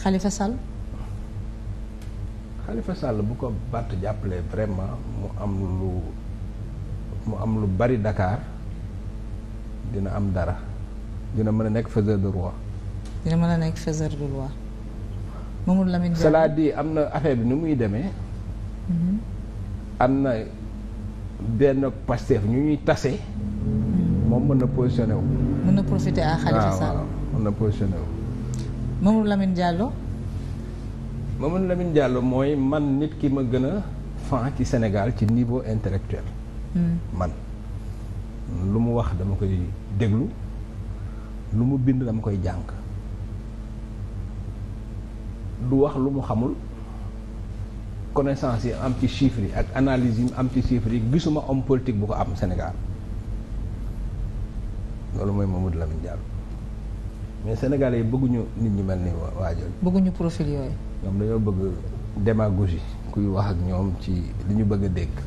Khalifa Sall. Khalifa Sall bu ko Bart jàppale vraiment mu am lu mu am lu bari Dakar dina am dara dina mën a nekk faiseur de roi. dina mën a nekk faiseur de roi. la Lamine Diallo cela dit am na affaire bi ni muy demee. Mhm. am na benn Pastef ñu ñuy tase. Mhm. moom mën na positionné wu. mën na profiter à Khalifa ah, Sall mën na positionné wu. Mamadou Lamine Diallo. Mamadou Lamine Diallo mooy man nit ki ma gën a fan ci Sénégal ci niveau intellectuel. Hmm. man lu mu wax dama koy déglu lu mu bind dama koy jàng lu wax lu mu xamul connaissance yi am ci chiffres ak analyse yi am ci chiffres yi gisuma homme politique bu ko am Sénégal loolu mooy Mamadou Lamine Diallo. mais Sénégalais yi bëgguñu nit ñi mel ni waa jooju. bëgguñu profil yooyu. ñoom dañoo bëgg démagogie kuy wax ak ñoom ci dañu bëgg a dégg.